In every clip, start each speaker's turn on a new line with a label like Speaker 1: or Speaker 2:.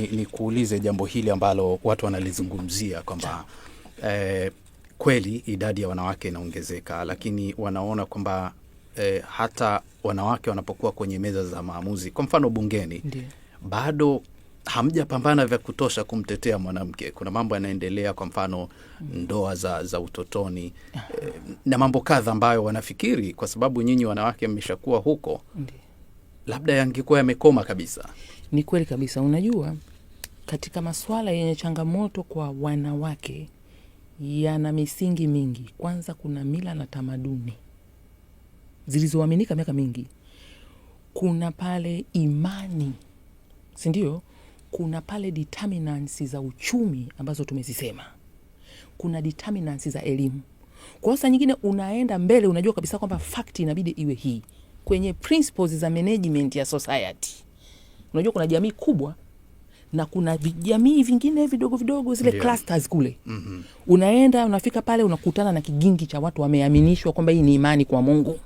Speaker 1: ni, ni kuulize jambo hili ambalo watu wanalizungumzia kwamba eh, kweli idadi ya wanawake inaongezeka, lakini wanaona kwamba eh, hata wanawake wanapokuwa kwenye meza za maamuzi, kwa mfano bungeni, ndiye, bado hamjapambana vya kutosha kumtetea mwanamke. Kuna mambo yanaendelea, kwa mfano ndoa za, za utotoni eh, na mambo kadha ambayo wanafikiri kwa sababu nyinyi wanawake mmeshakuwa huko ndiye, labda yangekuwa yamekoma kabisa.
Speaker 2: Ni kweli kabisa. Unajua, katika masuala yenye changamoto kwa wanawake yana misingi mingi. Kwanza kuna mila na tamaduni zilizoaminika miaka mingi, kuna pale imani, si ndio? Kuna pale determinants za uchumi ambazo tumezisema, kuna determinants za elimu. Kwa saa nyingine unaenda mbele, unajua kabisa kwamba fakti inabidi iwe hii kwenye principles za management ya society. Unajua kuna jamii kubwa na kuna vijamii vingine vidogo vidogo zile yeah. clusters kule mm -hmm. Unaenda unafika pale unakutana na kigingi cha watu wameaminishwa kwamba hii ni imani kwa Mungu.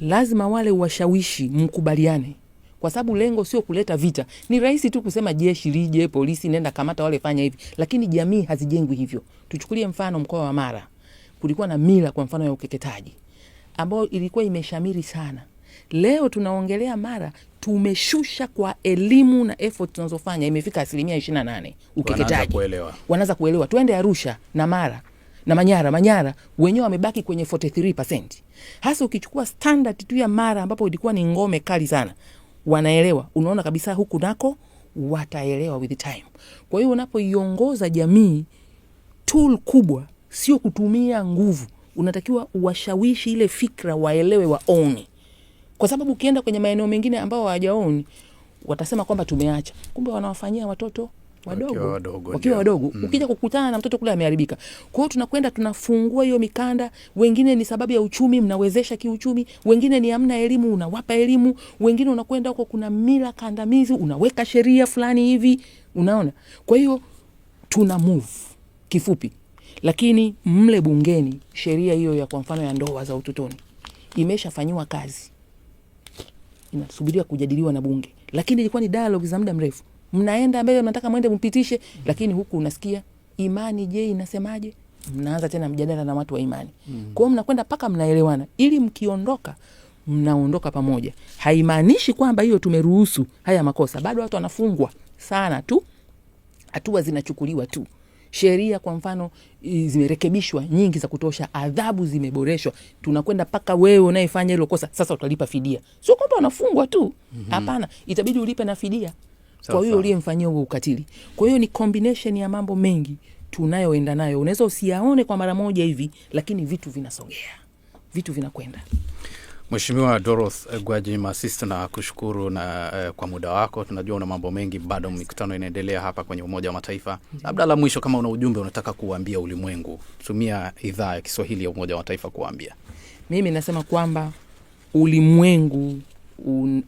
Speaker 2: Lazima wale washawishi mkubaliane, kwa sababu lengo sio kuleta vita. Ni rahisi tu kusema jeshi lije, polisi nenda kamata wale, fanya hivi, lakini jamii hazijengwi hivyo. Tuchukulie mfano mkoa wa Mara, kulikuwa na mila kwa mfano ya ukeketaji ambayo ilikuwa imeshamiri sana. Leo tunaongelea Mara, tumeshusha kwa elimu na effort tunazofanya, imefika asilimia ishirini na nane ukeketaji. Wanaanza kuelewa, tuende Arusha na Mara na Manyara. Manyara wenyewe wamebaki kwenye 43% hasa ukichukua standard tu ya Mara ambapo ilikuwa ni ngome kali sana, wanaelewa. Unaona kabisa huku nako wataelewa with time. Kwa hiyo unapoiongoza jamii, tool kubwa sio kutumia nguvu, unatakiwa uwashawishi ile fikra waelewe, waone kwa sababu ukienda kwenye maeneo mengine ambao hawajaoni watasema kwamba tumeacha, kumbe wanawafanyia watoto wadogo wakiwa wadogo mm. Ukija kukutana na mtoto kule ameharibika. Kwa hiyo tunakwenda tunafungua hiyo mikanda. Wengine ni sababu ya uchumi, mnawezesha kiuchumi, wengine ni amna elimu, unawapa elimu, wengine unakwenda huko kuna mila kandamizi, unaweka sheria fulani hivi, unaona. Kwa hiyo tuna move kifupi, lakini mle bungeni sheria hiyo ya kwa mfano ya ndoa za utotoni imeshafanyiwa kazi inasubiria kujadiliwa na bunge, lakini ilikuwa ni dialogue za muda mrefu, mnaenda mbele, mnataka mwende mpitishe, lakini huku unasikia imani, je, inasemaje? Mnaanza tena mjadala na watu wa imani mm. Kwao mnakwenda mpaka mnaelewana, ili mkiondoka mnaondoka pamoja. Haimaanishi kwamba hiyo tumeruhusu haya makosa, bado watu wanafungwa sana tu, hatua zinachukuliwa tu. Sheria kwa mfano zimerekebishwa nyingi za kutosha, adhabu zimeboreshwa, tunakwenda mpaka wewe unayefanya hilo kosa sasa utalipa fidia. Sio kwamba unafungwa tu, mhm. hapana. mm -hmm. Itabidi ulipe na fidia kwa huyo uliyemfanyia huo ukatili. Kwa hiyo ni combination ya mambo mengi tunayoenda nayo, unaweza usiyaone kwa mara moja hivi, lakini vitu vinasogea, vitu vinakwenda
Speaker 1: Mheshimiwa Doroth Gwaji Masista, na kushukuru na eh, kwa muda wako. Tunajua una mambo mengi bado, mikutano inaendelea hapa kwenye Umoja wa Mataifa. Labda la mwisho, kama una ujumbe unataka kuwaambia ulimwengu, tumia idhaa ya Kiswahili ya Umoja wa Mataifa kuwaambia.
Speaker 2: Mimi nasema kwamba ulimwengu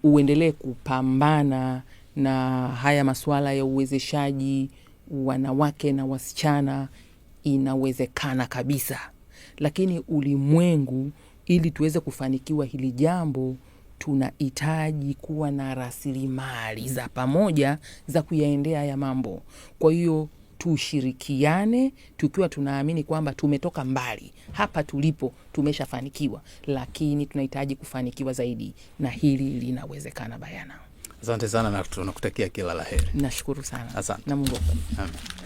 Speaker 2: uendelee kupambana na haya masuala ya uwezeshaji wanawake na wasichana. Inawezekana kabisa, lakini ulimwengu ili tuweze kufanikiwa hili jambo, tunahitaji kuwa na rasilimali za pamoja za kuyaendea haya mambo. Kwa hiyo tushirikiane tukiwa tunaamini kwamba tumetoka mbali hapa tulipo, tumeshafanikiwa, lakini tunahitaji kufanikiwa zaidi, na hili linawezekana bayana.
Speaker 1: Asante sana na tunakutakia kila la heri.
Speaker 2: Nashukuru sana. Asante na Mungu akubariki.